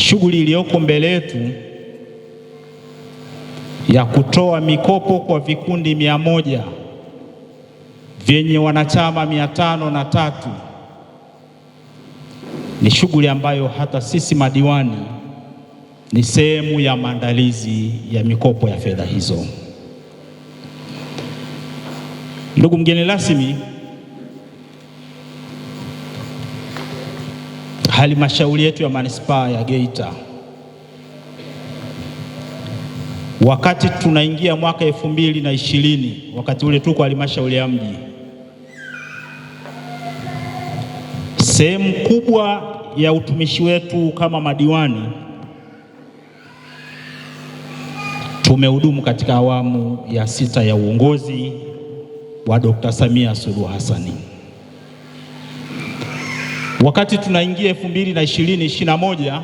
shughuli iliyoko mbele yetu ya kutoa mikopo kwa vikundi mia moja vyenye wanachama mia tano na tatu ni shughuli ambayo hata sisi madiwani ni sehemu ya maandalizi ya mikopo ya fedha hizo. Ndugu mgeni rasmi halmashauri yetu ya manispaa ya Geita. Wakati tunaingia mwaka elfu mbili na ishirini, wakati ule tuko halmashauri ya mji, sehemu kubwa ya utumishi wetu kama madiwani tumehudumu katika awamu ya sita ya uongozi wa Dr. Samia Suluhu Hassani. Wakati tunaingia elfu mbili na ishirini ishirini na moja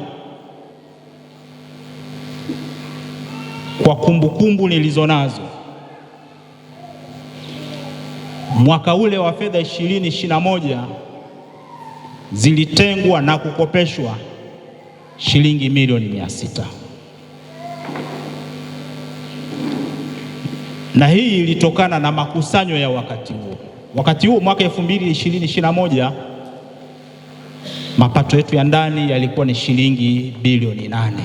kwa kumbukumbu nilizonazo, mwaka ule wa fedha ishirini ishirini na moja zilitengwa na kukopeshwa shilingi milioni mia sita na hii ilitokana na makusanyo ya wakati huo. Wakati huo mwaka elfu mbili ishirini ishirini na moja mapato yetu ya ndani yalikuwa ni shilingi bilioni nane,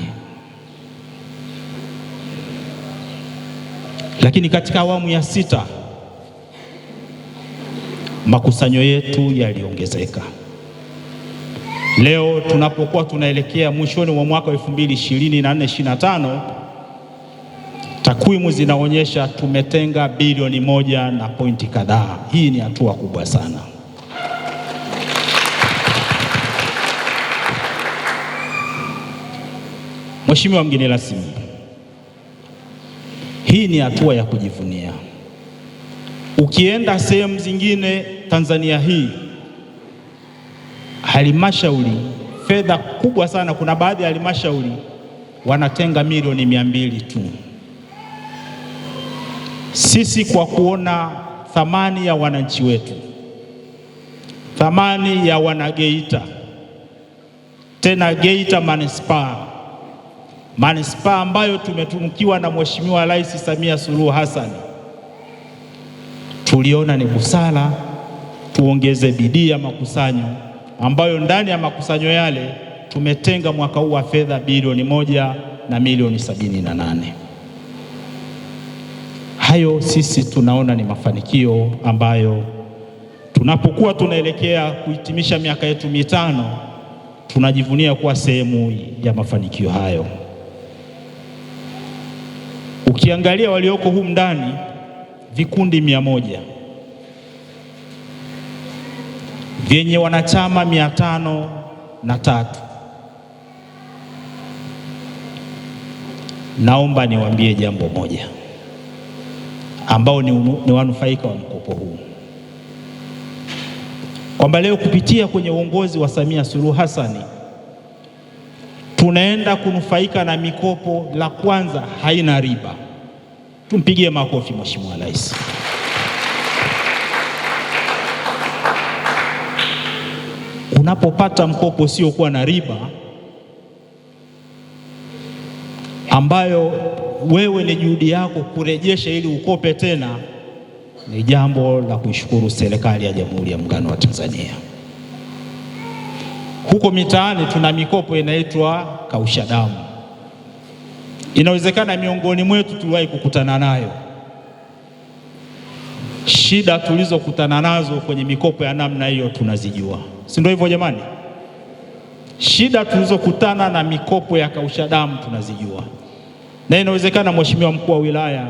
lakini katika awamu ya sita makusanyo yetu yaliongezeka. Leo tunapokuwa tunaelekea mwishoni mwa mwaka wa 2024 25 takwimu zinaonyesha tumetenga bilioni moja na pointi kadhaa. Hii ni hatua kubwa sana. Mheshimiwa mgeni rasmi, hii ni hatua ya kujivunia. Ukienda sehemu zingine Tanzania hii, halmashauri fedha kubwa sana, kuna baadhi ya halmashauri wanatenga milioni mia mbili tu. Sisi kwa kuona thamani ya wananchi wetu, thamani ya Wanageita, tena Geita manispaa manispaa ambayo tumetunukiwa na Mheshimiwa Rais Samia Suluhu Hassan, tuliona ni busara tuongeze bidii ya makusanyo ambayo ndani ya makusanyo yale tumetenga mwaka huu wa fedha bilioni moja na milioni sabini na nane. Hayo sisi tunaona ni mafanikio ambayo tunapokuwa tunaelekea kuhitimisha miaka yetu mitano tunajivunia kuwa sehemu ya mafanikio hayo. Ukiangalia walioko humu ndani vikundi mia moja vyenye wanachama mia tano na tatu. Naomba niwaambie jambo moja ambao ni, ni wanufaika wa mkopo huu kwamba leo kupitia kwenye uongozi wa Samia Suluhu hasani tunaenda kunufaika na mikopo. La kwanza haina riba. Tumpigie makofi Mheshimiwa Rais. Unapopata mkopo usiokuwa na riba ambayo wewe ni juhudi yako kurejesha ili ukope tena, ni jambo la kuishukuru serikali ya Jamhuri ya Muungano wa Tanzania. Huko mitaani tuna mikopo inaitwa kausha damu. Inawezekana miongoni mwetu tuliwahi kukutana nayo. Shida tulizokutana nazo kwenye mikopo ya namna hiyo tunazijua, si ndio hivyo jamani? Shida tulizokutana na mikopo ya kausha damu tunazijua, na inawezekana, Mheshimiwa Mkuu wa Wilaya,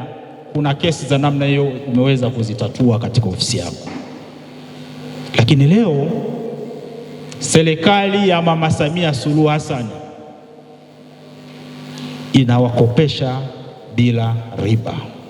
kuna kesi za namna hiyo umeweza kuzitatua katika ofisi yako, lakini leo serikali ya Mama Samia Suluhu Hassan inawakopesha bila riba.